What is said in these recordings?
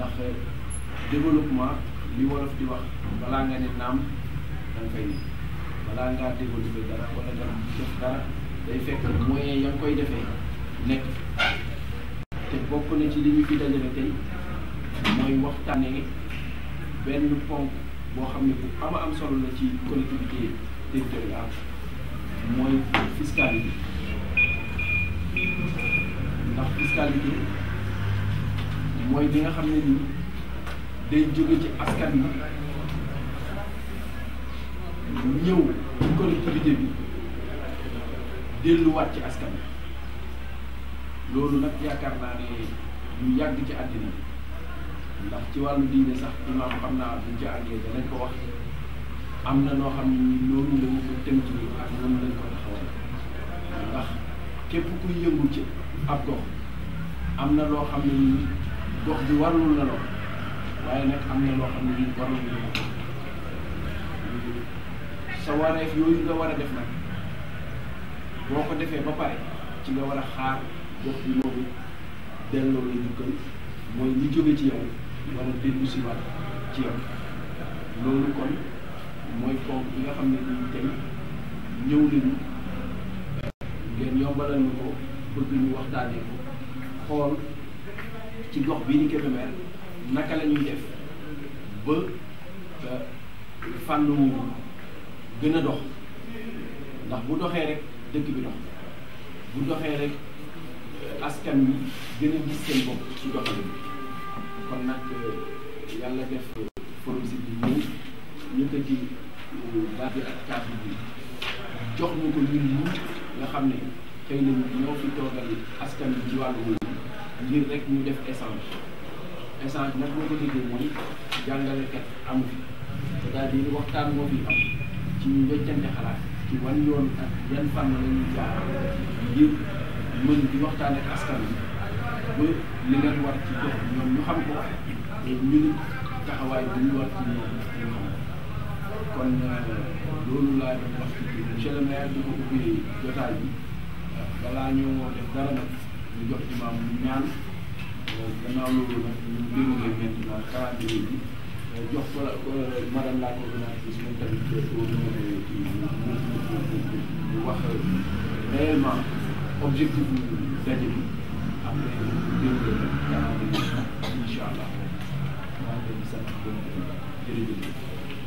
ndax euh, développement li wolof di wax balaa nga ne naam da nga balaa ngaa développé dara wala dara def dara day fekk moyen ya nga koy defee nekk te bokk na ci li ñu fi dajale tey mooy waxtaanee benn ponk boo xam ne bu ama am solo la ci collectivité territoriale mooy fiscalité ndax fiscalité mooy li nga xam ne nii day jóge ci askan bi ñëw ci collectivité bi delluwaat ci askan bi loolu nag yaakaar naa ne ñu yàgg ci àddina bi ndax ci wàllu diine sax imaam xam naa duñ ci àggee danañ ko wax am na loo xam ne ni loolu lañu ko tënk yi ak loolu lañ ko taxawal ndax képp kuy yëngu ci ab gox am na loo xam ne nii gox bi warul na lool waaye nag am na loo xam ne lii warul na ko sa wareef yooyu nga war a def nag boo ko defee ba pare ci nga war a xaar gox bi moomu delloo la ñu gën mooy li jóge ci yow war a dellu si waat ci yow loolu kon mooy ponk bi nga xam ne nii tey ñëw nañu ngeen yombalal ñu ko bëgg ñu waxtaanee ko xool. ci gox bii di Kébémer naka la ñuy def ba euh, fànn wu gën a dox ndax bu doxee rek dëkk bi dox bu doxee rek euh, askan wi gën a gis seen bopp ci doxalin bi kon nag euh, yàlla def forum si bi ñëw ñu ko ci daal bi ak kàddu bi jox ñu ko ñun ñu nga xam ne xëy na ñoo fi toogal askan bi ci wàllu ngir rek ñu def échange échange nag boo ko déggee mooy jàngalekat amu fi c'est-à-dire waxtaan moo fi am ci ñu weccante xalaat ci wan yoon ak yan fànn la ñuy jaar ngir mën di waxtaan askan wi ba li leen war ci jox ñoom ñu xam ko te ñu euh, loolu laa doon wax ci monsieur le di ko ubbee jotaay bi euh, balaa ñoo def dara nag. ñu jox imaam ñu ñaan gannaaw loolu nag ñu déroulé maintenant calendrier bi jox ko madame la coordonnatrice moom tamit pour mu wax réellement objectif bu daje bi après ñu déroulé nag calendrier bi incha allah maa ngi leen di sant jërëjëf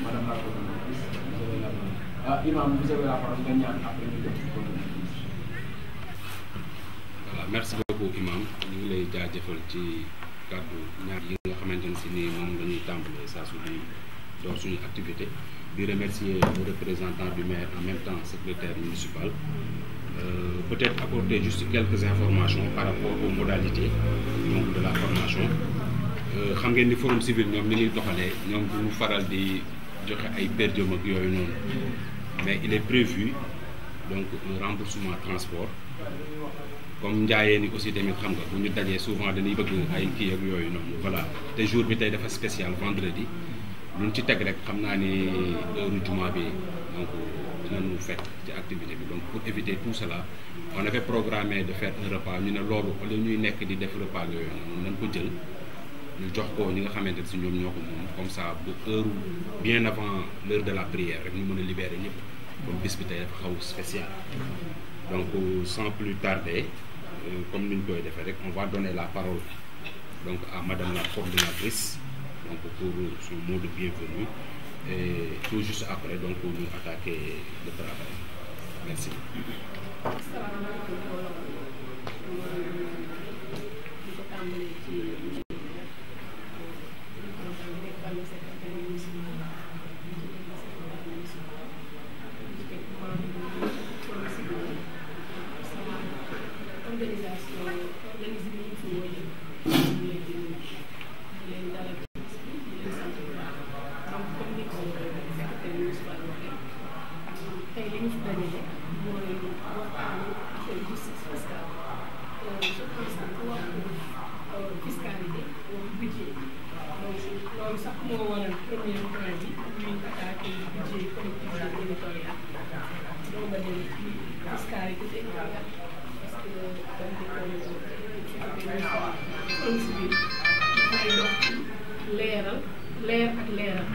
madame la coordonnatrice vous avez la parole ah imaam vous avez la parole nga ñaan après ñu def ko merci beaucoup imam ñu ngi lay jaajëfal ci kàddu ñaar yi nga xamante ni si moom la ñuy saa su door suñu activité di remercier le représentant du maire en même temps secrétaire municipal euh, peut-être apporter juste quelques informations par rapport aux modalités donc de la formation euh, xam ngeen ni forum civil ñoom ni ñuy doxalee ñoom du ñu faral di joxe ay ak yooyu noonu mais il est prévu donc un remboursement transport comme njaayee ni aussi xam nga souvent dañuy bëgg ay ak voilà jour bi spécial vendredi ci rek ni donc donc pour éviter tout cela on avait programmé de faire un repas Nous avons loolu au ñuy nekk di repas ko jël ñu jox comme ça bien avant l'heure de la prière rek ñu libérer comme bis bi spécial donc sans plus tarder euh, comme une de de on va donner la parole donc à madame la coordinatrice donc pour son mot de bienvenue et tout juste après donc nous attaquer le travail merci. sistema sottostanti fiscali o budget. loolu sax moo waral premier di bi ñuy attaqué budget di territoriale doo ba dem ci fiscalité territoriale parce que dañ ko considérer dafay dox ci leeral leer ak leeral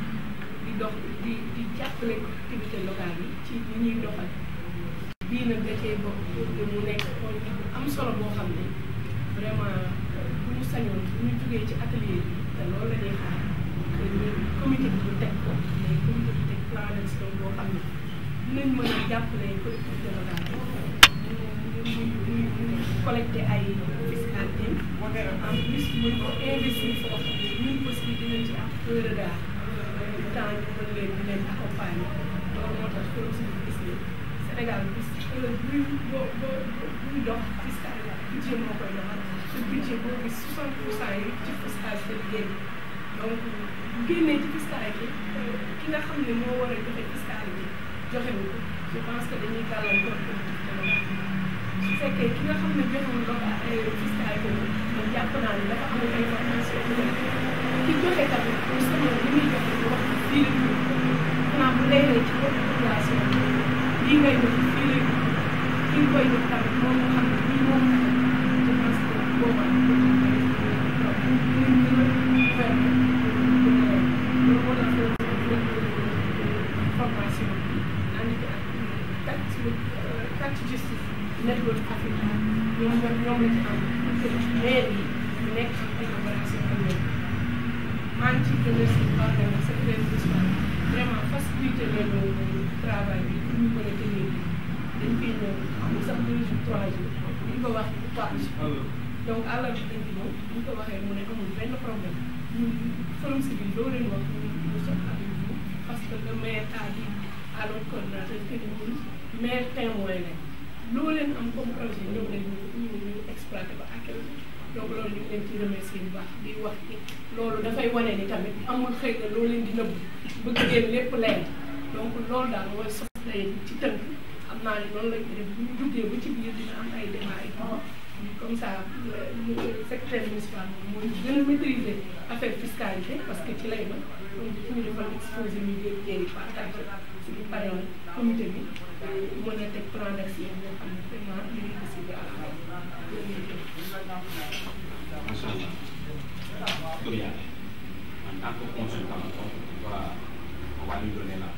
di dox di di jàppale activité locale yi ci jógee ci atelier bi te loolu la ñuy xaar bi ñu teg ko bi teg plan d'action boo xam ne dinañ mën a jàppale collectivité locale mu mu mu collecté ay fiscalité en plus mën ko investir foo xam ne ñun aussi dinañ ci am heure 3 jours ko wax 3 jours donc àllarba dañ ci ko waxee mu ne amul benn problème ñun forum civil loo leen wax ñu ñu soog a parce que le maire a dit à notre coordonnateur que ni ñun maire témoin loo leen am comme projet ñoom lañ ñu ñu ba ak donc loolu ñu ngi leen loolu dafay wane ni tamit amul xëy na loo leen di nëbb bëgg ngeen lépp leer donc loolu daal mooy soxla yi ci tënk. xam naa ne noonu la ñu def bu ñu duggee ba ci biir dina am ay débat yi comme ça secrétaire municipal moom mooy gën a maîtriser affaire fiscalité parce que ci lay ma donc fu ñu defal exposé ñu jël jëri partagé suñu paree comité bi euh, mën a teg plan d'action yoo xam ne vraiment ñu ngi décidé à la macha allah tur yàlla en tant que consultant waa waa ñu donné la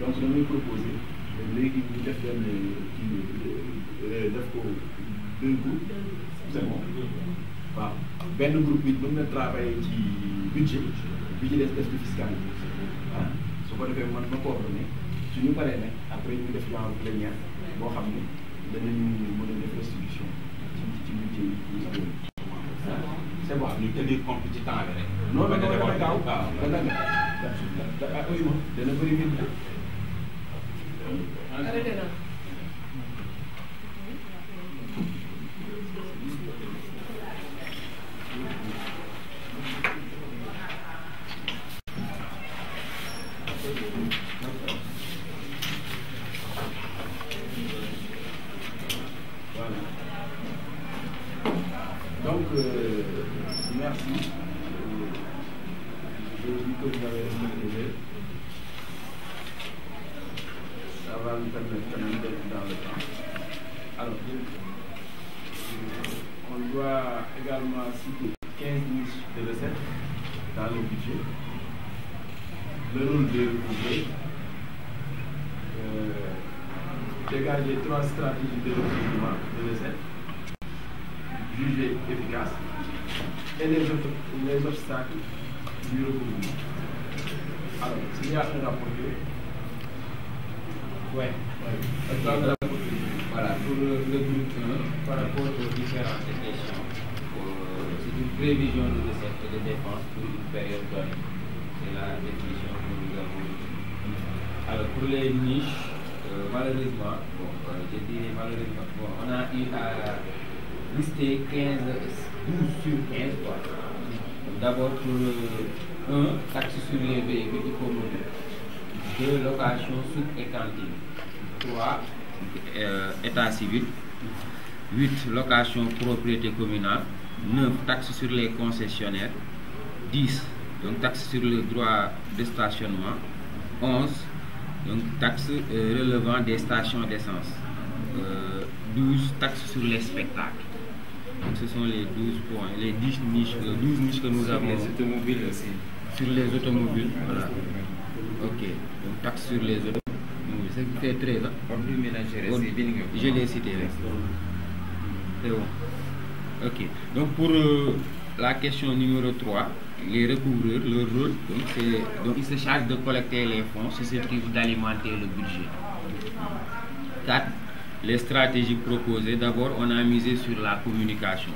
donc damay proposer euh, léegi ñu def benn euh, kii euh, def ko deux groupes c'est bon waaw benn groupe bi mën na travailler ci budget bi ci des def ci fiscalité ah su ko defee man ma coordonné suñu paree nag après ñu def genre plénière boo xam ne danañu mën a def restitution ci ci budget yi ñu c'est bon ñu tenir compte ci temps bi rek. non non non dana gaaw dana gaaw dana أردنا définition que Alors pour les niches, euh, malheureusement, bon, euh, malheureusement, on a eu à lister 15, 12 sur 15 D'abord pour 1. Euh, euh, taxe sur les véhicules du 2, 2 location sous et 3, euh, état civil. 8. Location propriété communale. 9. Taxes sur les concessionnaires. 10 donc taxe sur le droit de stationnement, 11, donc taxe euh, relevant des stations d'essence, 12, euh, taxe sur les spectacles. Donc ce sont les 12 points, les 10 niches, les 12 niches que nous avons. Sur les automobiles aussi. Sur les automobiles, voilà. Ok, donc taxe sur les automobiles. Ce qui fait 13 Je l'ai cité. Hein. C'est bon. Ok, donc pour euh, la question numéro 3, les recouvreurs, leur rôle, donc, donc ils se chargent de collecter les fonds susceptibles d'alimenter le budget. 4. Les stratégies proposées. D'abord, on a misé sur la communication.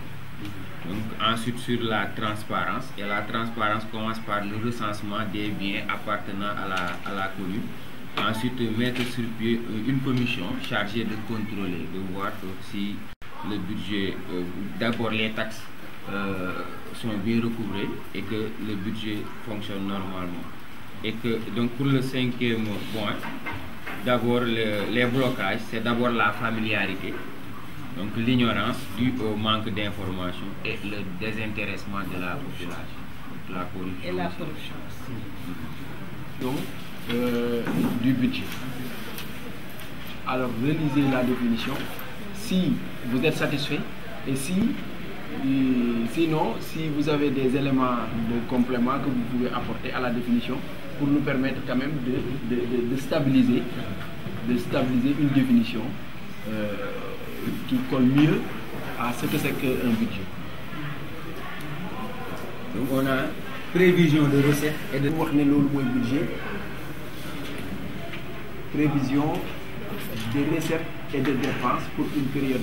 ensuite, sur la transparence. Et la transparence commence par le recensement des biens appartenant à la, commune. Ensuite, mettre sur pied euh, une commission chargée de contrôler, de voir euh, si le budget, euh, d'abord les taxes euh, sont bien recouvrés et que le budget fonctionne normalement. Et que donc pour le cinquième point, d'abord les blocages, c'est d'abord la familiarité, donc l'ignorance due au manque d'information et le désintéressement de la population, la Et la corruption. Mhm. Donc, euh, du budget. Alors, relisez la définition. Si vous êtes satisfait et si Hmm, sinon, si vous avez des éléments de complément que vous pouvez apporter à la définition pour nous permettre quand même de, stabiliser, de stabiliser une définition euh, qui colle mieux à ce que c'est qu'un budget. Donc on a prévision de recettes et de... budget. Prévision des recettes et de dépenses pour une période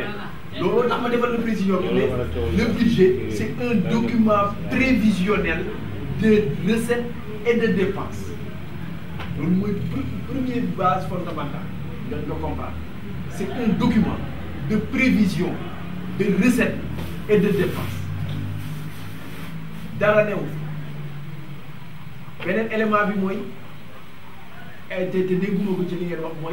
le budget c'est un document prévisionnel de recettes et de dépenses loolu première base fondamentale de comprendre c'est un document de prévision de recettes et de dépenses dara newu beneen élément y a un te qui est que li ngeen moi.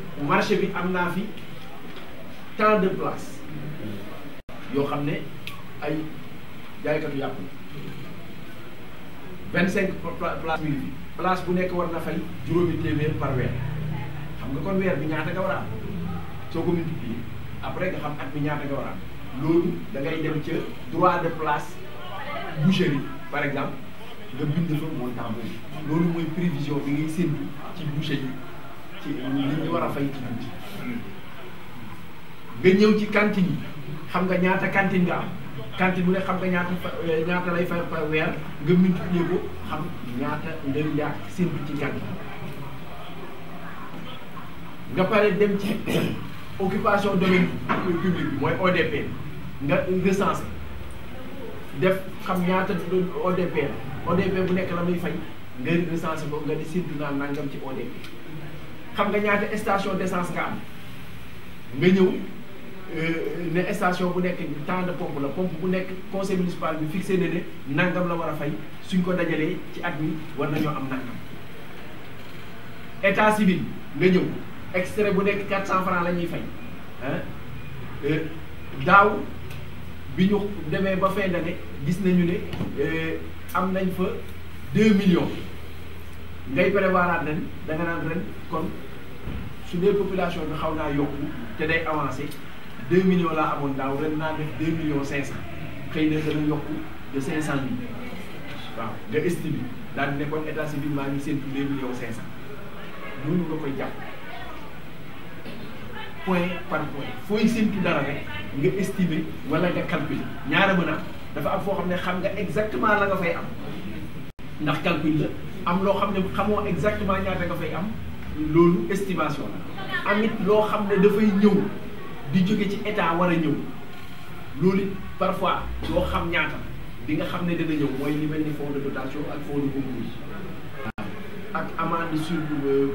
marché bi am naa fi tant de place yo xamné ay jaaykatu yàpp la vingt cinq place mille place bu nek war na fay juróomi téeméer par wèr xam nga kon wèr bi ñaata nga war soko am soo après nga xam at bi ñaata nga war lolu am da ngay dem ci droit de place boucherie par exemple nga bind fa montant bi lolu moy prévision bi ngay séntu ci boucherie ci li ñu war a fay ci julli nga ñëw ci cantine yi xam nga ñaata cantine nga am cantine bu ne xam nga ñaata euh, ñaata lay fay par weer nga multiplier ko xam ñaata ngay yàq ci cantine nga pare dem ci occupation domaine public bi mooy ODP nga recensé def xam ñaata ODP la ODP bu nekk la muy fay nga recensé boobu nga di séntu naa nangam ci ODP. xam nga ñaata station d'essence essence nga am nga ñëw euh, ne station bu nekk temps de pompe la pompe bu nekk conseil municipal bi fixé na ne nangam la war a fay suñ ko dajalee ci at mi war nañoo am nangam état civil nga ñëw extrait bu nekk 400 francs la ñuy fay ah daaw bi ñu demee ba fin d'année gis nañu ne euh, am nañ fa 2 millions ngay prévoir nañ da nga naan ren kon su population bi xaw naa yokku te day avancé 2 millions laa amoon daaw millions 500, cent xëy na millions yokku de 500 estimé daal état civil millions cinq point par point dara rek nga estimé wala nga calculé ñaara dafa am xam nga exactement la nga fay am ndax am exactement nga fay am loolu estimation la amit loo xam ne dafay ñëw di jóge ci état war a ñëw loolu parfois loo xam ñaata bi nga xam ne dana ñëw mooy li mel ni fonds de dotation ak fonds de concours ak amende sur euh,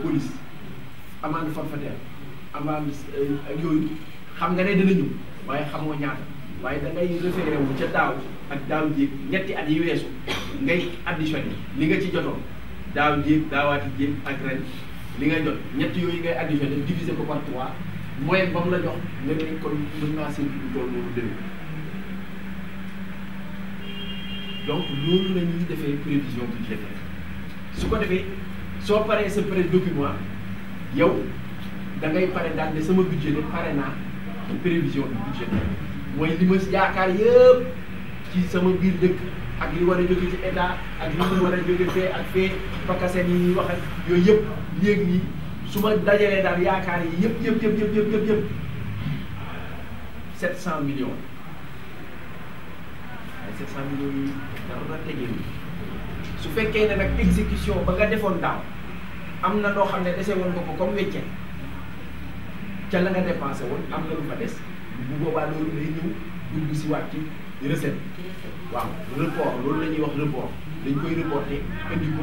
euh, xam nga ne dana ñëw waaye xamoo ñaata waaye da ngay référé wu ca daaw ak daaw jéeg ñetti at yi weesu ngay additionné li nga ci jotoon daaw jéeg daawaati jéeg ak ren li ngay jot ñett yooyu ngay addition def diviser ko par trois moyenne ba mu la jox ne nañ kon mën naa seen bi toll noonu déwén donc loolu la ñuy defee prévision budgétaire su ko defee soo paree sa pré document yow da ngay pare daal ne sama budget de pare naa prévision budgétaire mooy li ma yaakaar yëpp ci sama biir dëkk ak li war a jóge ci état ak li ñu war a fee ak fee pakaseen yi ñuy wax ak yooyu yëpp léegi nii su ma dajalee daal yaakaar yi yëpp yëpp yëpp yëpp yëpp yëpp yëpp sept cent millions ay sept cent millions yi dara na tegee su fekkee ne nag exécution ba nga defoon daaw am na loo xam ne dese woon ko comme wecce ca la nga dépensé woon am na lu fa des bu boobaa loolu lay si waat ci recette waaw report loolu la ñuy wax report dañ koy reporté indi ko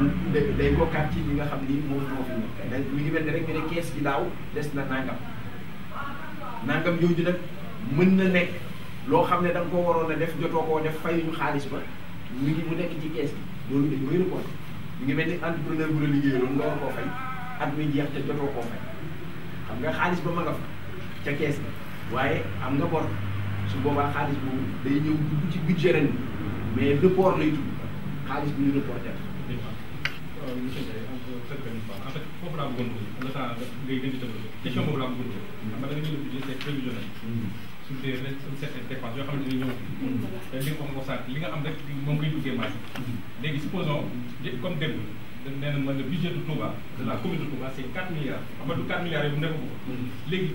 mu day bokkaat ci li nga xam ni moom moo fi nekk da mi ngi mel ne rek ne kees gi daaw des na nangam nangam jooju nag mën na nekk loo xam ne da nga ko waroon a def jotoo koo def fayuñu xaalis ba mi mu nekk ci kees gi loolu dañ koy reporté mi ngi mel ni entrepreneur bu la liggéey loolu nga war koo fay at mi jeex te jotoo koo fay xam nga xaalis ba ma nga fa ca kees gi waaye am nga bor su boobaa xaalis boobu day ñëw dugg ci budget ren mais report lay tudd xaalis bi ñu reporté waaw euh, monsieur Ndiaye en fait foofu laa bëggoon ko le temps ngay gën di développé question boobu laa bëggoon ko mm. xam nga da nga ñëw budget c'est prévisionnel mm. sur des certaines dépenses yoo xam ne dañuy ñëw fii li nga wax nga sànq li nga am rek moom ngay duggee maaj mm. léegi supposons comme démb nee na ma le budget de Touba de la commune de Touba c'est 4 milliards xam nga du 4 milliards yooyu nekk ko léegi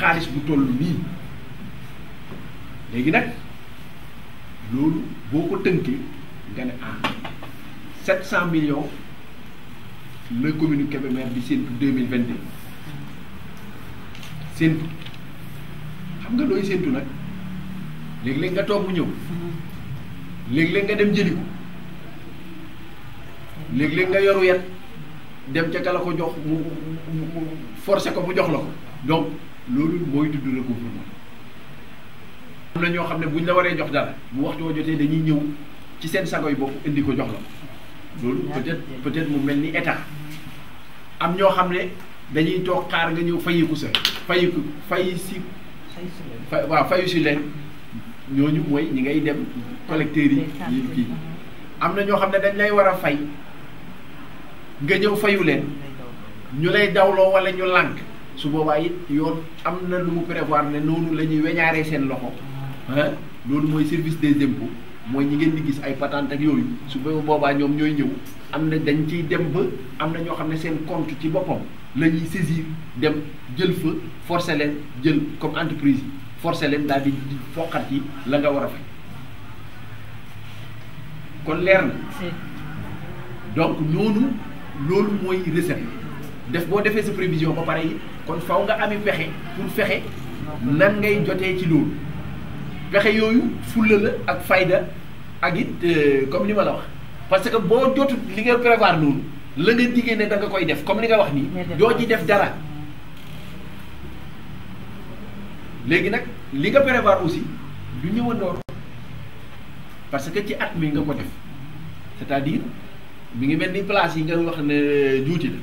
xaalis bu toll nii léegi nag loolu boo ko tënkee nga ne ah 700 millions la commune Kébémer bi seen pour 2022 séentu xam nga looy séentu nag léeg-léeg nga toog mu ñëw léeg-léeg nga dem jëli ko léeg-léeg nga yoru yet dem ca kala ko jox mu mu forcé ko mu jox la ko donc loolu mooy tudd recouvrement am na ñoo xam ne buñ la waree jox dara bu waxtu woo jotee dañuy ñëw ci seen sago sagoy bopp indi ko jox la loolu peut-être mu mel ni état am ñoo xam ne dañuy toog xaar nga ñëw fayiku sa fayiku fay si waa fayu si leen ñooñu mooy ñi ngay dem collecteurs yi yi kii am na ñoo xam ne dañ lay war a fay nga ñëw fayu leen ñu lay dawloo wala ñu lànk su boobaa it yoon am na lu mu prévoir ne noonu la ñuy weñaaree seen loxo ah loolu mooy service des impôts mooy ñi ngeen di gis ay patente ak yooyu su boobaa ñoom ñooy ñëw am na dañ ciy dem ba am na ñoo xam ne seen compte ci boppam lañuy ñuy dem jël fa forcé leen jël comme entreprise yi forcé leen daal di foqat yi la nga war a fay kon leer na donc noonu loolu mooy recette def boo defee sa prévision ba pare yi kon faw nga ami pexe pour fexe nan ngay jotee ci loolu pexe yooyu fulla la ak fayda ak it euh, comme li ma la wax parce que boo jotut li nga prévoir noonu la nga diggee ne da nga koy def comme li nga wax nii doo ci def dara léegi nag li nga prévoir aussi du ñëwandoor parce que ci at mi nga ko def c'est-à-dire mi ngi mel ni place yi nga wax ne juuti la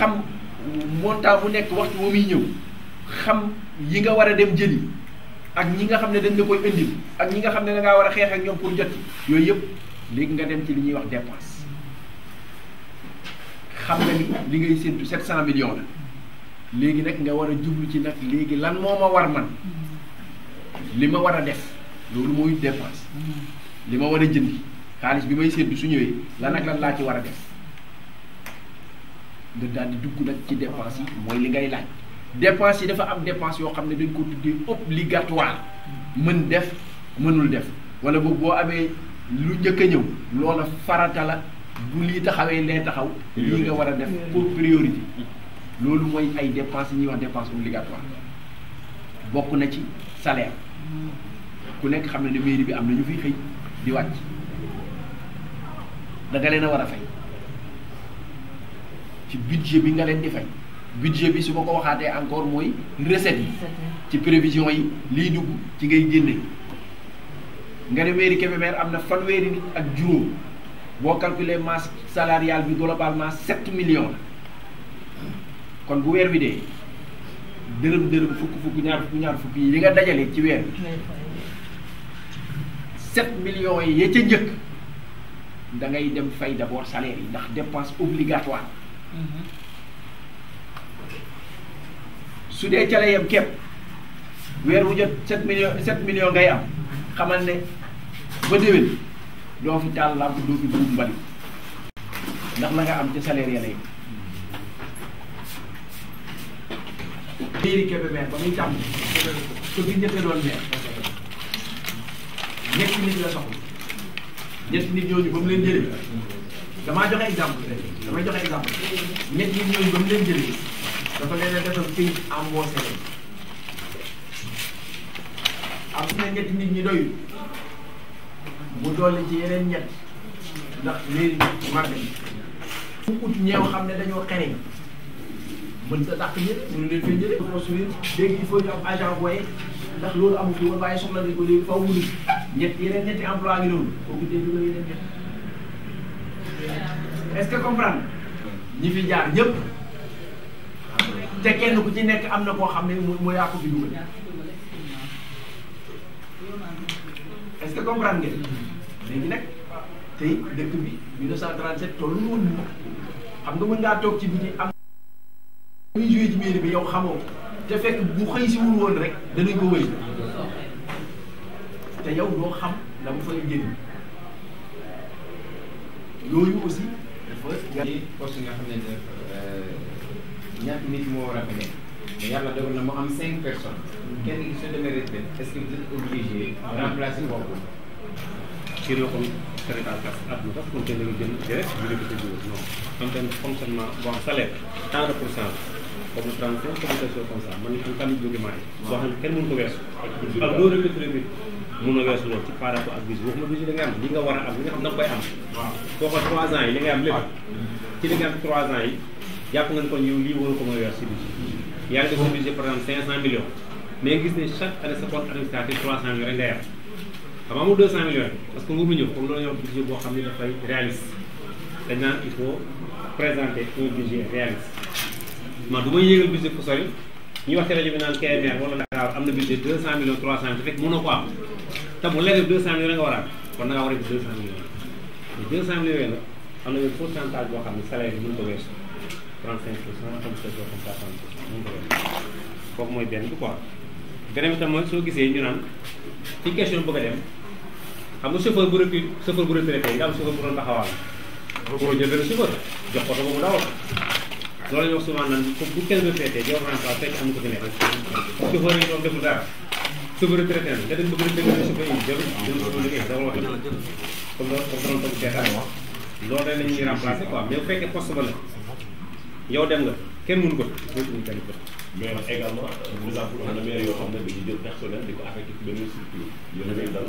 xam montant bu nekk waxtu bu muy ñëw xam yi nga war a dem jëli ak ñi nga xam ne dañ la koy indil ak ñi nga xam ne dangaa war a xeex ak ñoom pour jot ci yooyu yëpp léegi nga dem ci li ñuy wax dépense xam nga li ngay séntu 700 millions la léegi nag nga war a jublu ci nag léegi lan moo ma war man li ma war a def loolu mooy dépense li ma war a jën jëndi xaalis bi may séntu su ñëwee lan ak lan laa ci war a def. nga daal di dugg nag ci dépense yi mooy li ngay laaj dépense yi dafa am dépense yoo xam ne dañ ko tuddee obligatoire mën def mënul def wala boog boo amee lu njëkk a ñëw loola faratala la bu lii taxawee lee taxaw lii nga war a def pour priorité loolu mooy ay dépense yi ñuy wax dépense obligatoire bokk na ci salaire ku nekk xam ne ne mairie bi am na ñu fiy xëy di wàcc da leen a war a fay ci budget bi nga leen di fay budget bi su ma ko waxaatee encore mooy recette yi ci prévision yi liy dugg ci ngay génne nga ne mairie Kébémer am na fanweeri nit ak juróom boo calculer masse salariale bi globalement sept million la kon bu weer bi dee dërëm dërëm fukk fukk ñaar fukk ñaar fukk yi li nga dajale ci weer bi sept millions yi ya ca njëkk da ngay dem fay d'abord salaire yi ndax dépense obligatoire Mm-hmm. su dee ca la yem weer wu jot sept millions sept millions ngay am xamal ne ba déwén doo fi taal làmp doo fi buub mbalit ndax la nga am ca salaire ya lay ba muy tàmm ko fi nit la soxla ñetti nit ñooñu ba mu leen jëlee damaa joxe exemple rek damay joxe exemple ñett yi ñoom ba mu leen jëlee dafa leen a defal këyit embauché leen am na nit ñi doyul mu dolli ci yeneen ñett ndax léegi fu ut ñeew xam ne dañoo xereñ mën sa dàq ñëpp mënu leen fee jëlee construire léegi il faut ñu am agent voyé ndax loolu amu fi woon waaye soxla nañ ko léegi faw mu ñett yeneen ñetti emploi ngi loolu kooku dégg la yeneen ñett est-ce que ñi fi jaar ñëpp te kenn ku ci nekk am na koo xam ne moo yaa ko fi dugal est-ce que comprendre ngeen léegi nag tey dëkk bi 1937 tollu woon ñu xam nga mën ngaa toog ci biti am muy joué ci mairie bi yow xamoo te fekk bu xëy si wul woon rek danañ ko wëy te yow doo xam la mu fay jëriñ yooyu aussi ba ci poste nga xam ne def euh, ñaata nit moo war a fa yàlla dogal na mu am cinq personnes kenn gi soo demee retraite est que vous obligé remplacer boobu ci loxol Sénégal kas adna sax comme te la nga jël direct ñu nekk ci non am ten fonctionnement bon salaire tant de pour cent comme le transport comme quelque chose comme ça man am tamit document yi. boo xam ne kenn mënu ko weesu. ak doo recruter nit mun na weesu loolu ci par rapport ak bis waxuma bis li nga am li nga war a am li nga xam da nga koy am. waaw foo ko 3 ans yi li nga am lépp. ci li nga am 3 ans yi jàpp nga ni kon yow lii waru ko mooy weer si bis. yaa ngi def si budget par exemple 500 millions. mais gis ne chaque année sa compte administratif 300 millions rek ngay am. xam nga amul 200 millions parce que nguur gi ñëw comme loolu ñuy wax budget boo xam ne dafay réaliste dañ naan il faut présenter un budget réaliste. man du may yéegal budget fu sori ñu wax ci rajo bi naan KMR wala Dakar am na budget deux cent millions trois cent te fekk mënoo ko am te bu lekkee deux cent millions nga war a am kon da ngaa war a deux boo xam ne salaire bi mënu ko weesu am benn bi quoi beneen bi soo gisee ñu naan ci question bëgg a dem xam nga chauffeur bu recu chauffeur bu retraité nga am chauffeur bu doon la boo ko jël benn chauffeur jox ko ko mu dawal loolu ñu wax souvent naan bu kenn ba fekkee yow renfort fekk am na ko fi nekk chauffeur yi moom deful dara chauffeur retraité na nga dem bëgg rek dëgg chauffeur yi jarul dañu ko liggéey dawal wax comme loolu comme loolu toog seetaan wax loolu rek la ñuy remplacer quoi mais bu fekkee poste ba la yow dem nga kenn mënu ko mënu kenn ko mais également par exemple am na maire yoo xam ne dañuy jël personnel di ko affecté ci benn structure yéen a ngi dal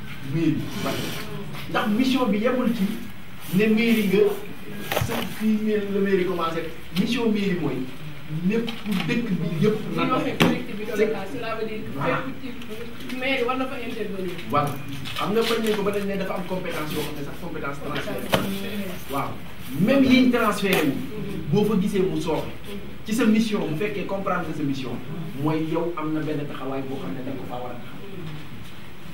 mairie Mbacké ndax mission bi yemul ci ne mairie nga sa fii mairie la mairie commencé mission mairie mooy lépp dëkk bi yëpp. na ko collectivité cela veut dire que na fa intervenir. xam nga bañ nañ ko ba dañ ne dafa am compétence yoo xam ne sax compétence transfert waaw même yiñ transféré boo fa gisee mu sooxe. ci sa mission bu fekkee comprendre sa mission. mooy yow am na benn taxawaay boo xam ne da nga ko faa war a taxaw.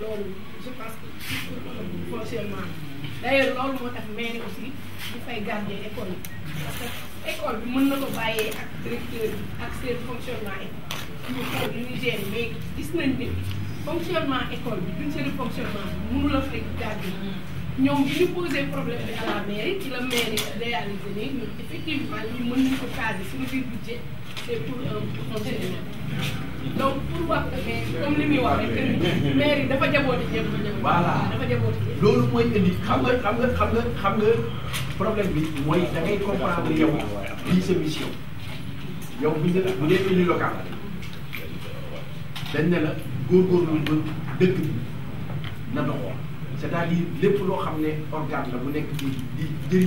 je pense que fonctionnement d'ailleurs ailleurs a moo le mairie aussi il faut garder école parce que école bi mën na ko ak directeur ak fonctionnement yi ñu mais gis nañ fonctionnement école bi duñ seen fonctionnement bi mënu la fait garder ñoom bi posé problème à la mairie qui la mairie réalisé ni mais effectivement ñu mën nañ ko caser le budget c'est pour un euh, li muy wax rek loolu mooy indi xam nga xam nga xam nga xam nga problème bi mooy da ngay comprendre yow lii sa mission yow bu ñu bu dee élu local dañ ne la góorgóorlu ba dëkk bi na doxoon c'est-à-dire lépp loo xam ne organe la bu nekk di di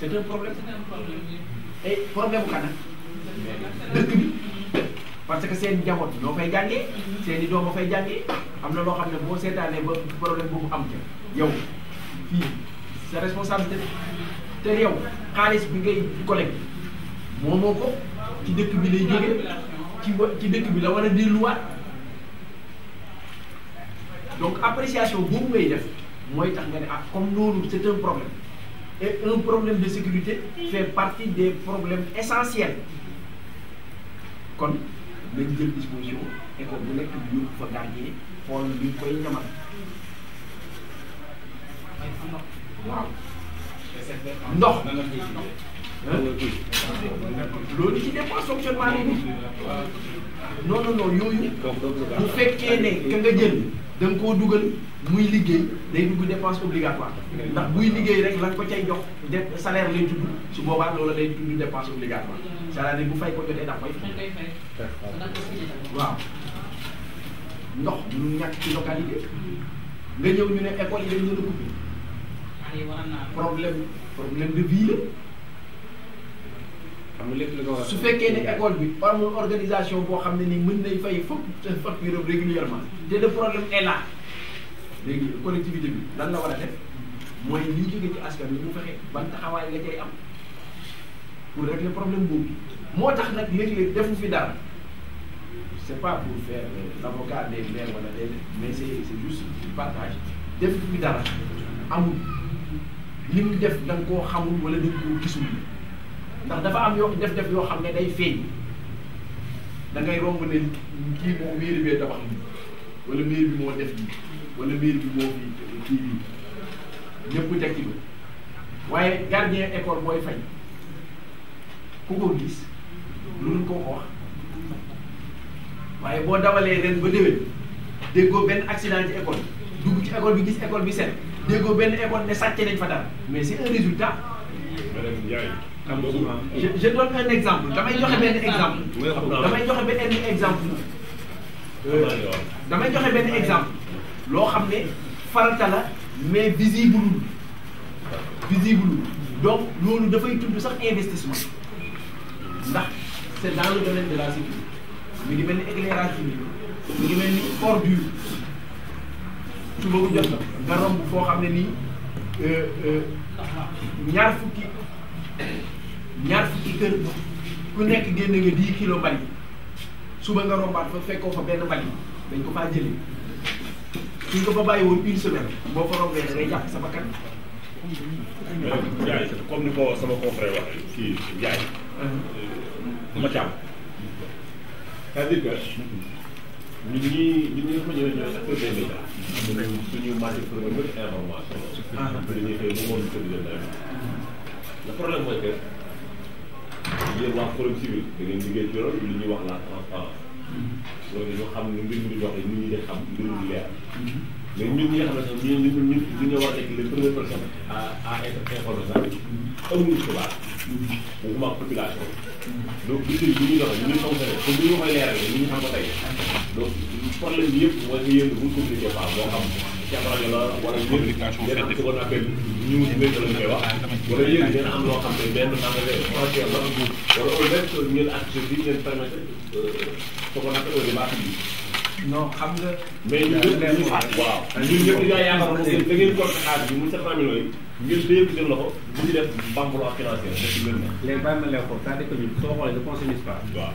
c' est un problème tey problème xanaa eh, dëkk bi parce que seen njaboot ñoo fay jàngee seen i doom a fay jàngee am na loo xam ne boo seetaanee ba problème boobu am ca yow fii sa responsabilité te yow xaalis bi ngay collecte moomoo ko ci dëkk bi lay jógee ci wa ci dëkk bi la war a delluwaat donc appréciation boobu ngay def mooy tax nga ne ah comme loolu c' est un problème. Et un problème de sécurité fait partie des problèmes essentiels. comme met des disposition et vous vous que vous pour lui non non non non, non, non, non, non, da nga koo dugal muy liggéey day dugg dépense obligatoire ndax buy liggéey rek la ko cay jox def salaire lay tudd su boobaa loola day tudd dépense obligatoire cest bu fay ko jotee da koy fay waaw ndox mu ñàkk ci localité nga ñëw ñu ne école yi dañ leen problème de vie su fekkee ne école bi amul organisation boo xam ne ni mën nay fay fukk seen facture régulièrement te le problème est là léegi collectivité bi lan la war a def mooy ñu jóge ci askan bi mu fexe ban taxawaay nga cay am pour régler problème boobu moo tax nag léeg-léeg defu fi dara c'est pas pour faire l'avocat des maires wala des mais c'est c'est juste partage defu fi dara amul li mu def da nga koo xamul wala da nga koo gisul. ndax dafa am yoo def-def yoo xam ne day feeñ da ngay romb ne kii moom mairie bee tabax lii wala mairie bi moo def lii wala mairie bi moo fi kii bi ñëpp teg ci ba waaye gardien école mooy fay ku ko gis lu dul koo ko wax waaye boo dawalee ren ba déwén déggoo benn accident ci école dugg ci école bi gis école bi set déggoo benn école ne sàcce nañ fa dara mais c'est je donne un exemple damay joxe ben exemple. damay joxe ben exemple. Euh, damay joxe ben exemple. Lo xamné farata la mais visible visible Donc lolu da fay tudd sax investissement ndax c'est dans le domaine de la sécurité mi ngi melni éclairage public mi ngi mel ni ordure suba bu jot nga romb foo xam ne nii euh, euh, ñaar fukki. ñaar fukki kër ku nekk génn nga 10 kilo mbalit suba nga rombaat fa fekkoo fa benn mbalit dañ ko faa jëlee suñ ko fa bàyyi woon une semaine boo fa rombee da ngay jàpp sa bakkan. Ndiaye comme ni ko sama confrère waxee kii Ndiaye. Uh-huh. ma càmm. c'est-à-dire que ñun ñii ñun ñi nga xamante ne ñooy acteur des médias. suñu marché pour nga bëri information. ñu xëy ba moom ñu tëdd leen Le problème mooy que. yéen waa forum civil da ngeen liggéey ci loolu li ñuy wax la transparence loolu ñu xam ne mbir mi di doxee nit ñi di xam mbir mi leer mais ñun ñi nga xam ne sax ñun ñu ñu ñu ñu war a nekk les premières personnes à à être informé sax amuñu xibaar waxuma population donc gis nga ñuy doxee ñu xam ne comme ñu koy leeral ñu xam ko tey donc problème bi yëpp mooy que yéen bu ñu communiqué pas moo xam jàppale la wala ñun ngeen am ci bon appel ñu ñu wéy la koy wax wala yéen ngeen am loo xam ne benn magasin mensuel la wala au fait ngeen acteur bi ngeen permettre ce qu'on appelle au débat public non xam nga. mais ñu ñu waaw ñun ñëpp dañoo yaakaar da ngeen ko xaar bi mu 700 millions yi ngeen téye ko seen loxo bu ñu def banque loi financière def ci gën a. les banques la ko c'est-à-dire que ñun soo xoolee ne consomme pas. waaw.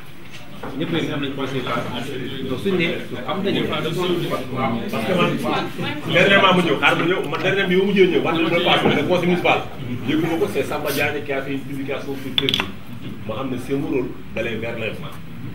ñëpp yéen am nañu conseil donc suñu nee am nañu. waaw parce que man dernièrement mu ñëw ma ñëw man dernier bi ba mu jëlee ñëw wax dëgg yàlla passée le conseil municipal. yëgu ma a fait une publication ma xam ne c'est mon rôle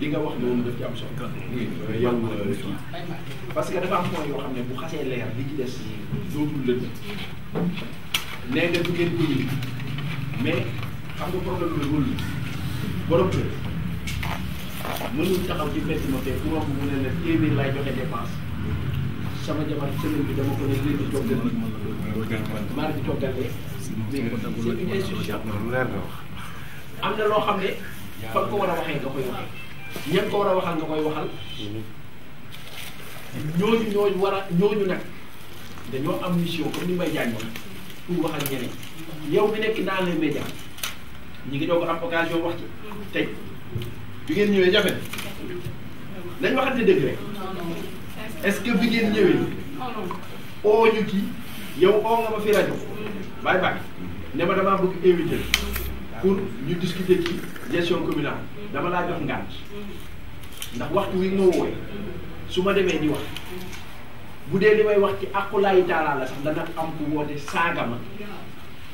li nga wax noonu daf ci am solo. yow kii euh, parce que dafa am point yoo xam ne bu xasee leer li ci des dootul lënd. nee nga du ngeen mais xam nga problème bi loolu borom kër mënuñ taxaw ci benn moté ku ne la téeméer laay joxe dépense sama jabar semaine bi ne léegi bi de mais c'est une institution am na loo xam ne. fa nga ko war a waxee nga koy waxee ñeen ko war a waxal nga koy waxal ñooñu ñooñu war a ñooñu nag dañoo am mission comme ni Mbaye Diagne wax pour waxal ñeneen yow mi nekk dans les médias ñi ngi doog am occasion wax ci tey bi ngeen ñëwee jafe nañ waxante dëgg rek est bi ngeen ñëwee oo ñu kii yow oo nga ma fi rajo bàyyi ne ma damaa bëgg invité pour ñu discuter ci gestion communale dama laa jox ngànt ndax waxtu wi moo wooy su ma demee di wax bu dee li may wax ci àqulaayi taalaa la sax dana am ku woote saaga ma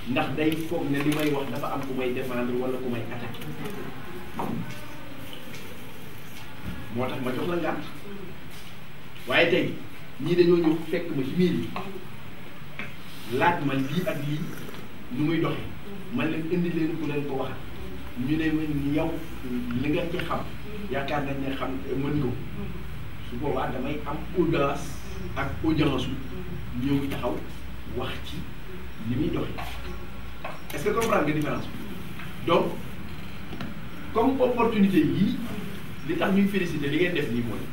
ndax day foog ne li may wax dafa am ku may défendre wala ku may attaqué moo tax ma jox la ngànt waaye tey ñii dañoo ñëw fekk ma ci miir yi laaj ma lii ak lii nu muy doxee man leen indi leen ku leen ko wax ñu ne man yow li nga ci xam yaakaar nañ ne xam mën nga su boobaa damay am audace ak audience ñëw taxaw wax ci li muy doxe est-ce que comprendre nga différence bi donc comme opportunité yii li tax ñuy féliciter li ngeen def nii mooy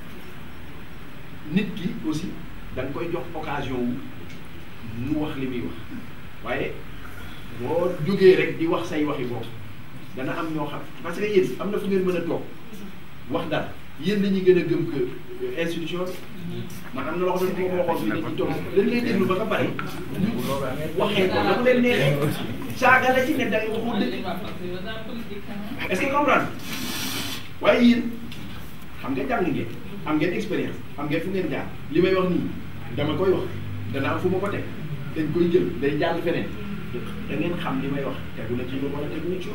nit ki aussi da nga koy jox occasion wu mu wax li muy wax waaye boo jógee rek di wax say waxi bopp dana am ñoo xam parce que yéen am na fu ngeen mën a toog wax dara yéen dañuy gën a gëm que euh, institution man am na loo xam ne moom waxoon bi dañuy toog dañ lay déglu ba nga pare ñu waxee ko dama leen neexee saaga la ci ne dangay waxoo dëgg est-ce que comprendre waaye yéen xam nga jàng ngeen am ngeen expérience am ngeen fu ngeen jaar li may wax nii dama koy wax dana am fu ma ko teg dañ koy jël day jàll feneen da xam li may wax tegu na ci yoon wala tegu na ci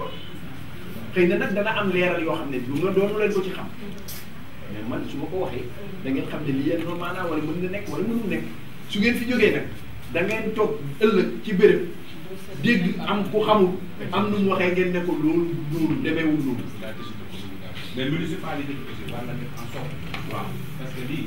xëy na nag dana am leeral yoo xam ne du nga doonu leen ko ci xam mais man su ma ko waxee da ngeen xam ni lii yéen noonu maanaam wala mën na nekk wala mënul nekk su ngeen fi jogee nag da ngeen toog ëllëg ci béréb dégg am ku xamul am nu mu waxee ngeen nekko ko loolu loolu demeewul loolu. mais municipalité bi waaw parce que lii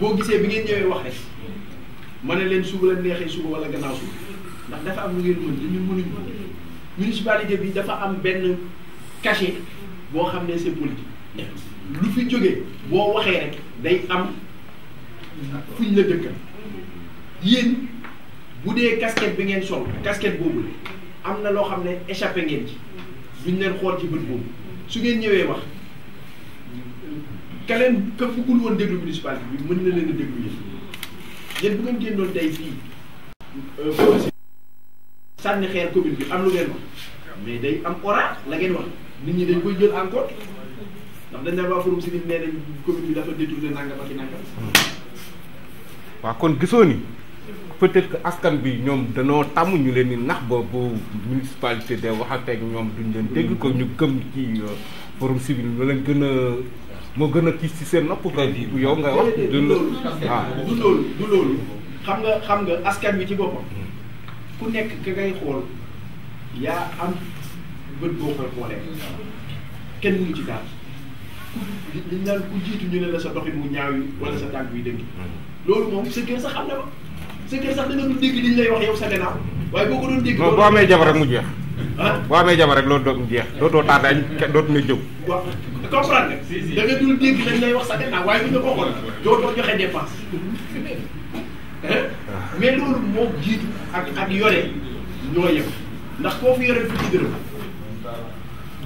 boo gisee bi ngeen ñëwee wax rek ma ne leen suba la neexee suba wala gannaaw suba ndax dafa am lu ngeen mën dañu mënuñu ko municipalité bi dafa am benn cachet boo xam ne c'est politique lu fi jógee boo waxee rek day am fuñ la dëkkal yéen bu dee casquette bi ngeen sol casquette boobu la am na loo xam ne échappé ngeen ci duñ leen xool ci bët boobu su ngeen ñëwee wax. kaleen ka bëggul woon déglu municipalité bi mën na leen a déglu yéen yéen bu ngeen génnoon tey fii euh, sànni xeer commune bi am lu ngeen am ora la ngeen wax nit ñi dañ koy jël en compte ndax waa i nangam. kon gisoo ni peut-être que askan bi ñoom danoo tàmm ñu leen di nax ba bu municipalité de waxateeg ñoom duñ leen dégg ko ñu gëm ci euh, forum civil ñu leen gën a. moo gën a kiis ci seen nopp nga yow ngay wax ah. Ah. du loolu du loolu xam nga xam nga askan wi ci boppam ku nekk ka ngay xool yaa am bët boo koy xoolee kenn mënu ci daal ku liñ jiitu ñu ne la sa doxin mu ñaaw yi wala sa tànk yi hmm. loolu moom sa kër sax xam na ma sa sax da nga dul dégg liñ lay wax yow sa gannaaw waaye boo ko doon dégg boo amee jabar rek mu jeex Bawa amee jabar rek loolu duduk jeex dootoo taataañ kenn dootu la jóg. comprendre da nga dul dégg lañ lay wax sa gànnaaw waaye bu ñu ko xool dootoo joxe dépense. mais loolu moo jiitu ak ak yore ñoo yem ndax koo fi yore fukki dërëm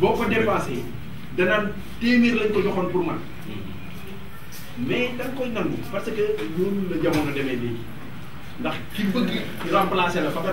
boo ko dépensé danaan téeméer lañ ko joxoon pour man mais da koy nangu parce que loolu la jamono ndax ki bëgg remplacer la fa nga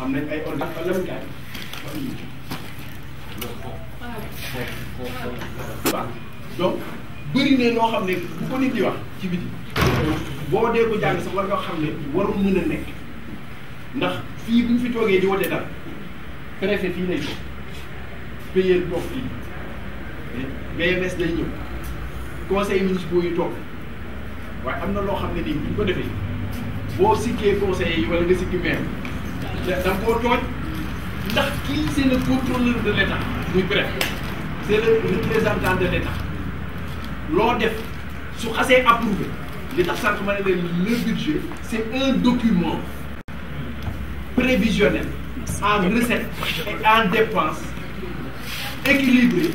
am nañ ay ordres à l' hôpital donc bëri na loo xam ne bu ko nit di wax ci biti boo dee ko jàng sax war nga ne waru mën a nekk ndax fii bu fi toogee di wote dara préfet fii lay toog payeur toog fii BMS day ñëw conseil municipal yu toog waaye am na loo xam ne nii bu ñu ko defee boo sikkee conseillers yi wala nga sikki c'est le contrôleur de l'État. c'est le représentant de l'État. L'ordre, c'est def approuvé l'État le budget c'est un document prévisionnel en recettes et en dépenses équilibré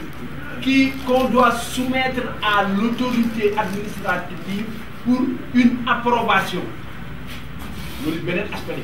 qui qu'on doit soumettre à l'autorité administrative pour une approbation vous aspect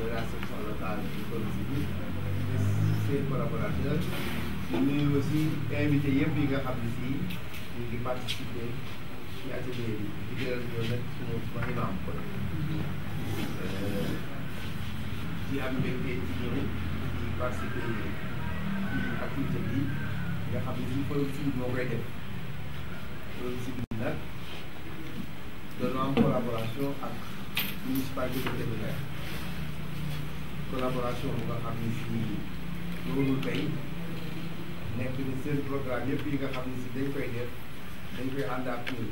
de la section locale du Koulou seen collaborateur di nuyu aussi invité yëpp yi nga xam ne si ñu ngi participé ci atelier bi di gërëm ñoo nag suñu ma imam ko di am mbégte ci ñëw e di participé ci activité bi nga xam ne si Koulou Sidi moo koy def Koulou Sidi nag doon am collaboration ak municipalité de Kébémer collaboration nga xamni ci si loolu tey ni seen programme yëpp yi nga xamni ci dañ koy def dañ koy ànd ak ñun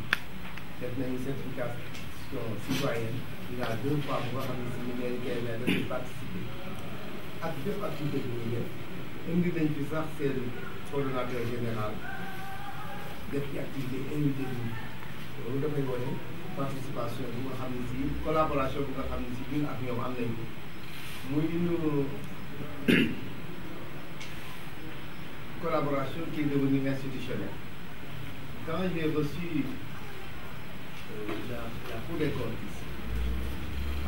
def nañu certification citoyenne il y a deux fois bu nga xam ne si ñu ngi leen di participer ak bépp activité bi ñuy def indi nañ ci sax seen coordinateur général def ci activité invité bi loolu dafay wane participation bu nga xamni ci collaboration bu nga xamni ci si ak ñoom am nañ ko oui, une euh, collaboration qui est devenue institutionnelle. Quand j'ai reçu euh, la, Cour des comptes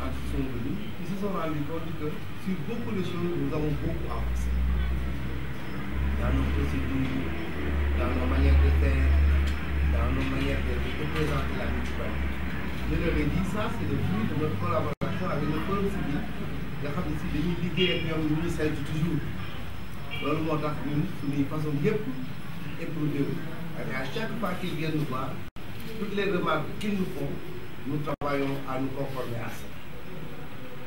quand ils sont venus, ils se sont rendus compte que sur beaucoup de choses, nous avons beaucoup avancé. Dans nos procédures, dans nos manières de faire, dans nos manières de représenter la municipalité. Je leur ai dit, ça c'est le fruit de notre collaboration avec le peuple nous avons ne de nous liggéey nous ça a toujours nous façon et pour et à chaque fois qu'ils viennent nous voir toutes les remarques qu'ils nous font nous travaillons à nous conformer à ça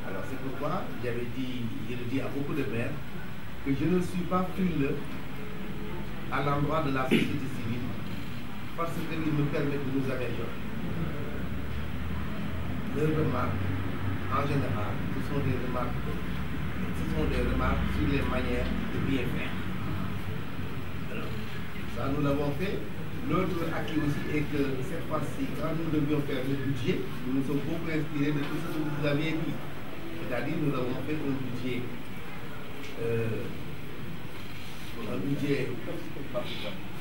alors c'est pourquoi j'avais dit à beaucoup de maires que je ne suis pas frileux à l'endroit de la société civile parce qu'elle me permet de nous améliorer Deux remarques en général des remarques, ce sont des remarques sur les manières de bien faire. Alors, ça nous l'avons fait. L'autre acquis aussi est que cette fois-ci, quand nous devions faire le budget, nous nous sommes beaucoup inspirés de tout ce que vous avez dit. C'est-à-dire nous avons fait un budget, euh, budget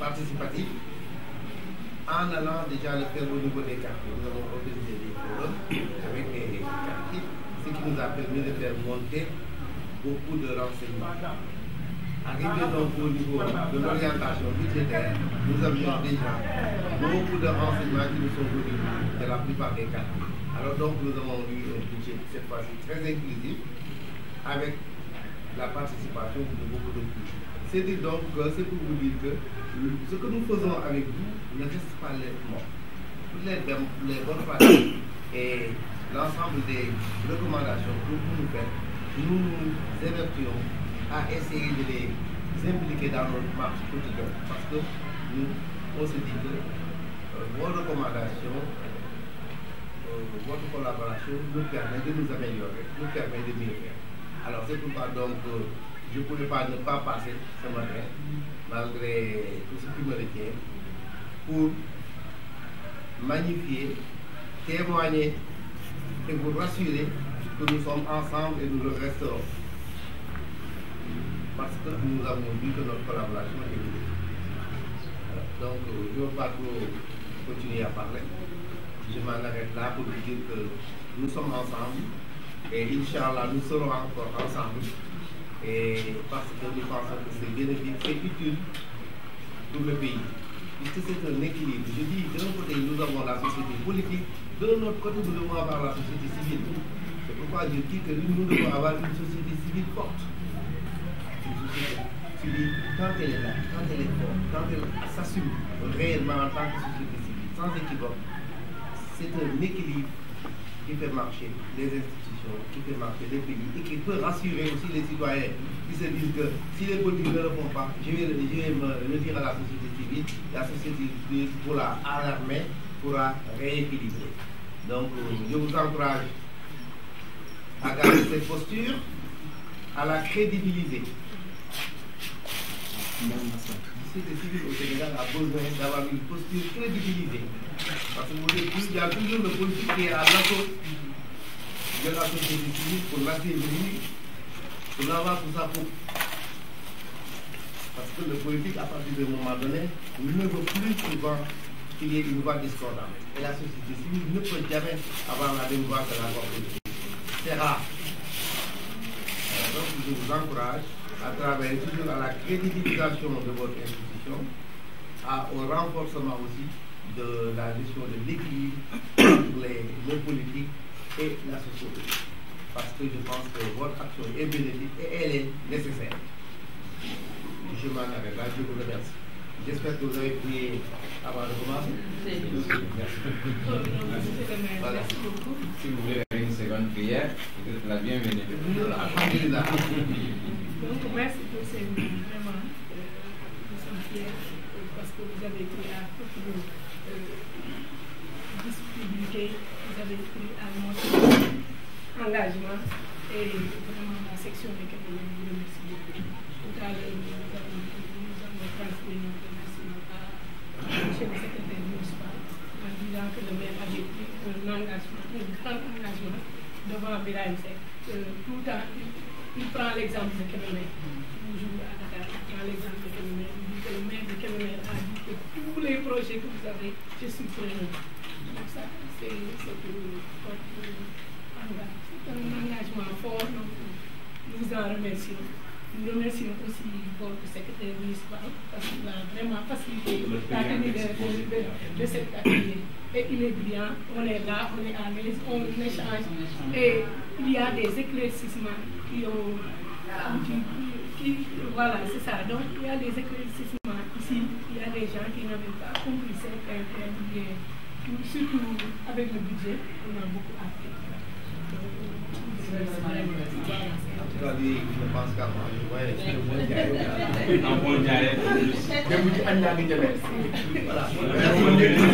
participatif en allant déjà le faire au niveau des cartes. Nous avons organisé des forums avec des cartes ce qui nous a permis de faire monter beaucoup de renseignements. Arrivé donc au niveau de l'orientation budgétaire, nous avions déjà beaucoup de renseignements qui nous sont venus de la plupart des cas. Alors donc nous avons eu un budget cette fois-ci très inclusif avec la participation de beaucoup de plus. C'est donc c'est pour vous dire que ce que nous faisons avec vous ne reste pas les morts. Les, les bonnes et l'ensemble des recommandations que vous nous faites, nous nous évertuons à essayer de les impliquer dans notre marche quotidienne parce que nous, on se dit que euh, vos recommandations, euh, votre collaboration nous permet de nous améliorer, nous permet de mieux faire. Alors c'est pourquoi donc euh, je ne pouvais pas ne pas passer ce matin, malgré tout ce qui me retient, pour magnifier, témoigner et vous rassurer que nous sommes ensemble et nous le resterons. Parce que nous avons vu que notre collaboration est bonne. Donc, euh, je ne veux pas trop continuer à parler. Je m'en arrête là pour vous dire que nous sommes ensemble et Inch'Allah, nous serons encore ensemble. Et parce que nous pensons que c'est bénéfique, c'est utile pour le pays. Puisque c'est un équilibre. Je dis, d'un côté, nous avons la société politique de notre côté, nous devons avoir la société civile. C'est pourquoi je dis que nous, devons avoir une société civile forte. Une société civile, quand elle est là, quand elle est forte, quand elle s'assume réellement en tant que société civile, sans équivoque, c'est un équilibre qui fait marcher les institutions, qui fait marcher les pays et qui peut rassurer aussi les citoyens qui se disent que si les politiques ne le font pas, je vais, me, le dire à la société civile, la société civile pour la alarmer pourra rééquilibrer. Donc, je vous encourage à garder cette posture, à la crédibiliser. Société civil au Sénégal a besoin d'avoir une posture crédibilisée. Parce que vous voyez, il y a toujours le politique qui est à l'assaut de la société civile pour l'affaiblir, pour l'avoir pour sa peau. Parce que le politique, à partir du moment donné, ne veut plus souvent qu'il y ait une voix discordante. Et la société civile ne peut jamais avoir la même voix que la voix politique. C'est rare. Euh, donc je vous encourage à travailler toujours à la crédibilisation de votre institution, au renforcement aussi de la gestion de l'équilibre entre les, les politiques et la société. Parce que je pense que votre action est bénéfique et elle est nécessaire. Je m'en arrête là, je vous remercie. J'espère que vous avez pu avoir Merci. beaucoup. Si vous voulez une seconde prière, vous êtes la bienvenue. merci pour ces vraiment. Euh, euh, parce que vous avez euh, vous avez pris un engagement et Birahim euh, Seck tout le temps il prend l'exemple de Kébémer toujours à Dakar il prend l'exemple de Kébémer il dit que le maire de Kébémer a dit que tous les projets que vous avez je suis preneur donc ça euh, c'est un engagement fort donc nous en remercions nous remercions aussi votre secrétaire municipal parce qu'il a vraiment facilité la tenue de, de, de, de cette activité et il est bien, on est là, on est à l'aise, on échange. Et il y a des éclaircissements qui ont. Qui, qui, voilà, c'est ça. Donc il y a des éclaircissements ici, il y a des gens qui n'avaient pas compris cette bien. Surtout avec le budget, on a beaucoup à faire. cas, je pense qu'avant, je voyais le bon diarrhée. Un bon diarrhée. Mais vous dites, Anna, Voilà.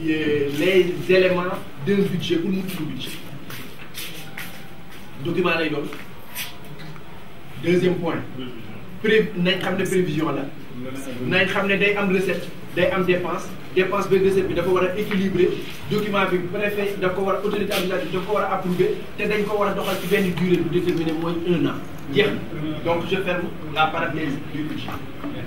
les éléments d'un budget pour d'un tudd budget document à deuxième point Nous avons des prévisions. Nous Nous nañ recettes, recettes, day dépenses. dépenses day am mais dépense beeg bi dafa équilibré document bi préfet nous a autorité administrative da ko a approuvé te dañ ko durer doxal ci moins durée un an Bien. donc je ferme la parenthèse du budget Merci.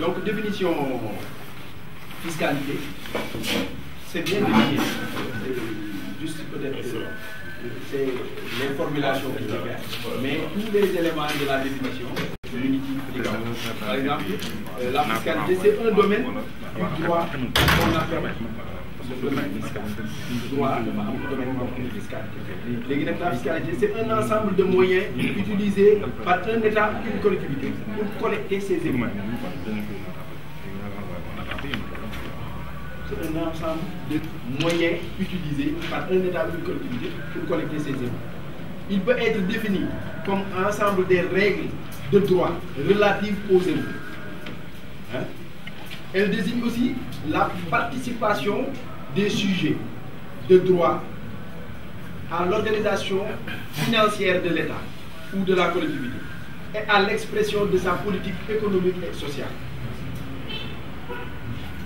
donc définition fiscalité c'est bien défini euh, juste peut-être d'être. Euh, les formulations qui mais tous les éléments de la définition L'unité, par exemple euh, la fiscalité c'est un domaine du droit qu'on permis le domaine fiscal droit un ensemble de moyens utilisés par un état ou une collectivité pour collecter ses impôts c'est un ensemble de moyens utilisés par un état ou une collectivité pour collecter ses impôts il peut être défini comme un ensemble des règles de droit relatives aux impôts hein. elle désigne aussi la participation des sujets de droit à l'organisation financière de l'État ou de la collectivité et à l'expression de sa politique économique et sociale.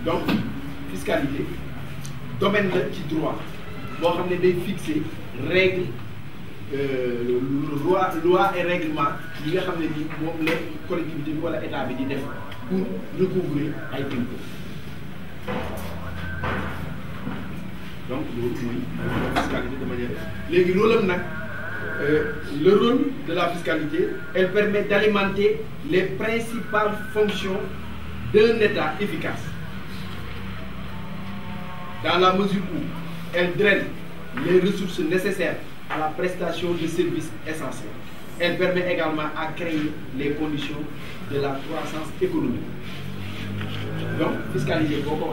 Donc, fiscalité, domaine de ci droit vous va fixer euh, loi loi et règlement yi nga la collectivité pour recouvrir à impôts donc fiscalité de manière euh, le rôle de la fiscalité elle permet d'alimenter les principales fonctions d'un État efficace dans la mesure où elle draine les ressources nécessaires à la prestation de services essentiels. Elle permet également à créer les conditions de la croissance économique. Donc, fiscalité, beaucoup,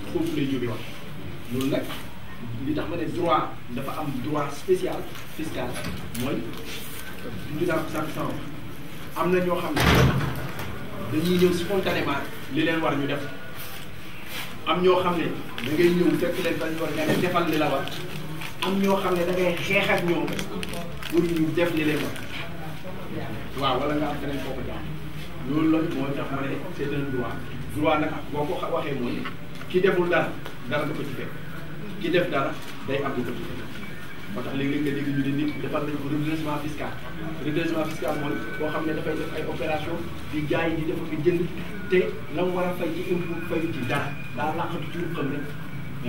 foofu lay jógee loolu nag li tax ma ne droit dafa am droit spécial fiscal mooy du ñu am na ñoo xam ne dañuy ñëw spontanément li leen war ñu def am ñoo xam ne da ngay ñëw fekk leen dañu war nga ne defal li la war am ñoo xam ne da ngay xeex ak ñoom pour ñu def li leen war waaw wala nga am keneen kooku daal loolu la moo tax ma ne c'est un droit droit nag boo ko waxee mooy. ki deful dara dara du ko ci fekk ki def dara day am du ko ci fekk moo tax léegi nga dégg ñu ne nit defal nañ ko redressement fiscal redressement fiscal mooy boo xam ne dafay def ay opération di jaay di def ak jënd te la mu war a fay ci impôt fayu ci dara daa làqatu ci lu xam ne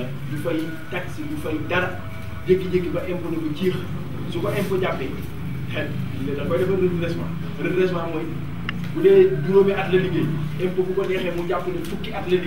eh, du fay taxe du fay dara jékki-jékki ba impôt na ko jiix su ko impôt jàppee xel da koy defal redressement redressement mooy bu dee juróomi at la liggéey impôt bu ko neexee mu jàpp ne fukki at la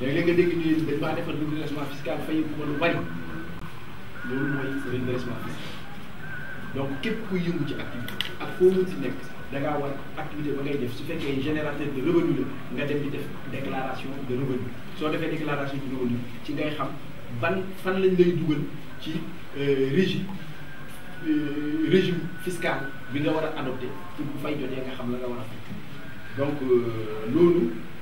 léeg-léeg nga dégg ni dañ maa defal du redressement fiscal fay ko lu bari loolu mooy redressement fiscal donc képp kuy yëngu ci activité ak foo mën si nekk da ngaa war activité ba ngay def su fekkee générateur de revenu la nga dem di def déclaration de revenu soo defee déclaration de revenu ci ngay xam ban fan lañ lay dugal ci euh, régime euh, régime fiscal bi nga war a adopté pour bu fay jotee nga xam la nga war a fay donc euh, loolu.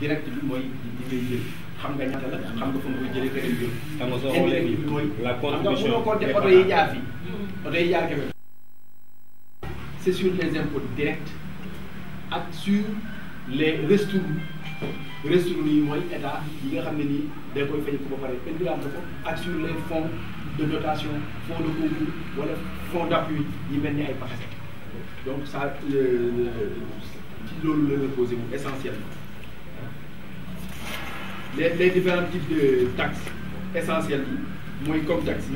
direct bi mooy di ngay jël xam nga ñaata la xam nga fa nga koy jëlee nga dem jël. xam nga soo xoolee nii mooy la contribution xam nga koo def oto yi jaar fii mm. oto yi jaar Québec. c' est sur les impôts directs ak sur les retours retours yi mooy état yi nga xam ne nii da koy fay ko ba pare indiwaat na ko ak sur les fonds de dotation fonds de concours wala fonds d' appui yi mel ni ay PACASEN donc ça ci loolu la reposé wu essentiellement les différents types de taxes essentielles moins comme taxis,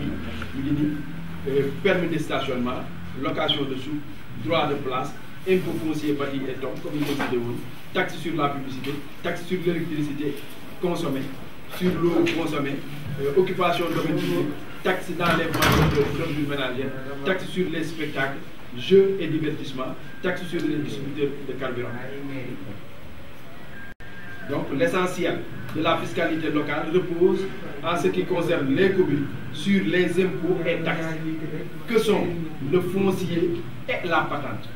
euh, permis de stationnement location de sous droit de place impôts fonciers bâti et donc comme il dit de sur la publicité taxe sur l'électricité consommée sur l'eau consommée euh, occupation de taxe dans les marchés de produits ménagères, taxe sur les spectacles jeux et divertissements taxes sur les distributeurs de carburant donc l'essentiel de la fiscalité locale repose en ce qui concerne les communes sur les impôts et taxes que sont le foncier et la patente.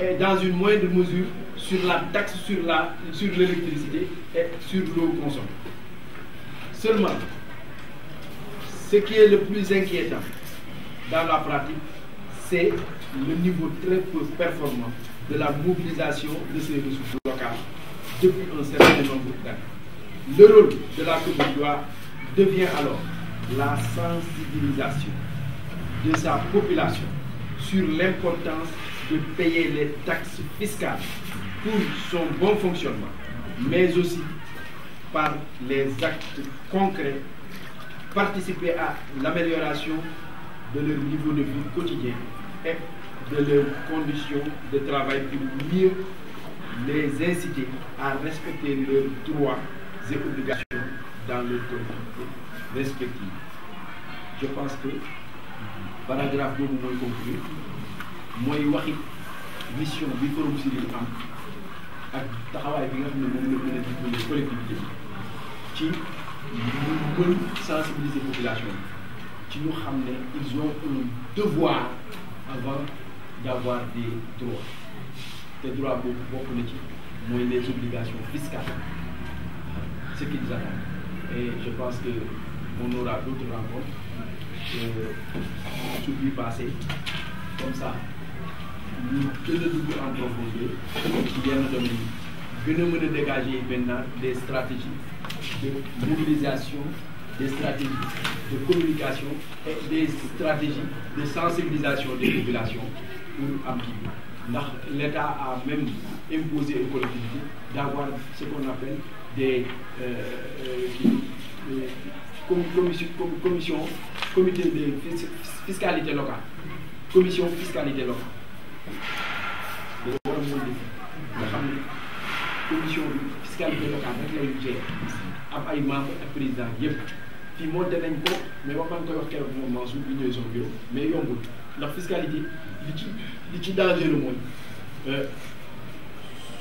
Et dans une moindre mesure sur la taxe sur l'électricité sur et sur l'eau consommée. Seulement, ce qui est le plus inquiétant dans la pratique, c'est le niveau très peu performant de la mobilisation de ces ressources locales depuis un certain nombre d'années. Le rôle de la Côte d'Ivoire devient alors la sensibilisation de sa population sur l'importance de payer les taxes fiscales pour son bon fonctionnement, mais aussi par les actes concrets, participer à l'amélioration de leur niveau de vie quotidien et de leurs conditions de travail pour mieux les inciter à respecter leurs droits et obligations dans leurs respective. respective. Je pense que paragraphe que vous conclure moi la mission bi Forum Civil am ak taxawaay bi nga xam ne de la collectivité ci sensibiliser population qui ci ñu ils ont un devoir avant d'avoir des droits des droits beaucoup bokk na les obligations fiscales ce qui nous attend et je pense qu'on aura d'autres rencontres euh, sur lui passé comme ça Nous nous nous en profondeur qui viennent de donner, venons de dégager maintenant des stratégies de mobilisation des stratégies de communication et des stratégies de sensibilisation des populations pour amplifier l'État a même imposé aux collectivités d'avoir ce qu'on appelle des euh, euh, euh, commission commission comité de fiscalité locale commission fiscalité locale Commission war a mën nga commission fiscalité locale avec lay jeex am ay membres ak président yëpp fii moo danañ ko mais ba man koy wax keroog moom le bi son bureau mais ndax fiscalité li ci li ci dangereux mooy euh,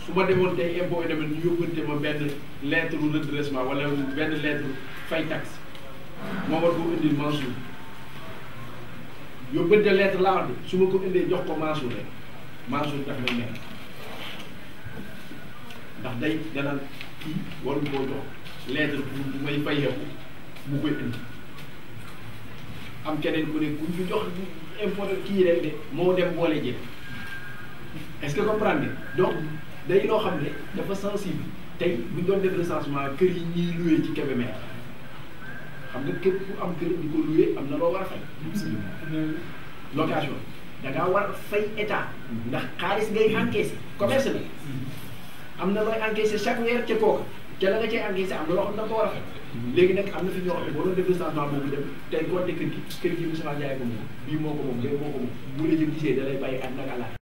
su ma demoon tey impôt yi ñu yóbbante ma benn lettre redressement wala benn lettre fay taxe moo war ko indil Mansour yóbbante lettre laa wax de su ma ko indee jox ko Mansour rek Mansour daf may mer ndax day danaan kii waru koo jox lettre bu may fay yow mu koy indi am keneen ku ne ku ñu jox. important kii rek de moo dem boole ji est-ce que comprendre donc day loo xam ne dafa sensible tey bu doon def recensement kër yi ñuy loué ci Kébémer xam nga kër ku am kër di ko loué am na loo war a fay. location da ngaa war a fay état. Mm-hmm. ndax xaalis ngay encaissé mm-hmm. commerce bi mm-hmm. am na looy encaissé chaque weer ca kooka ca la nga cay encaissé am na loo xam na da nga ko war a fay. Mhm. léegi nag am na si ñoo xam ne boo doon def recensement dem tey ko nekk kër gi kër gi Moussa Ndiaye ko moom bii moo ko moom léegi moo ko moom bu la jëm gisee da lay bàyyi ak nag àlaaj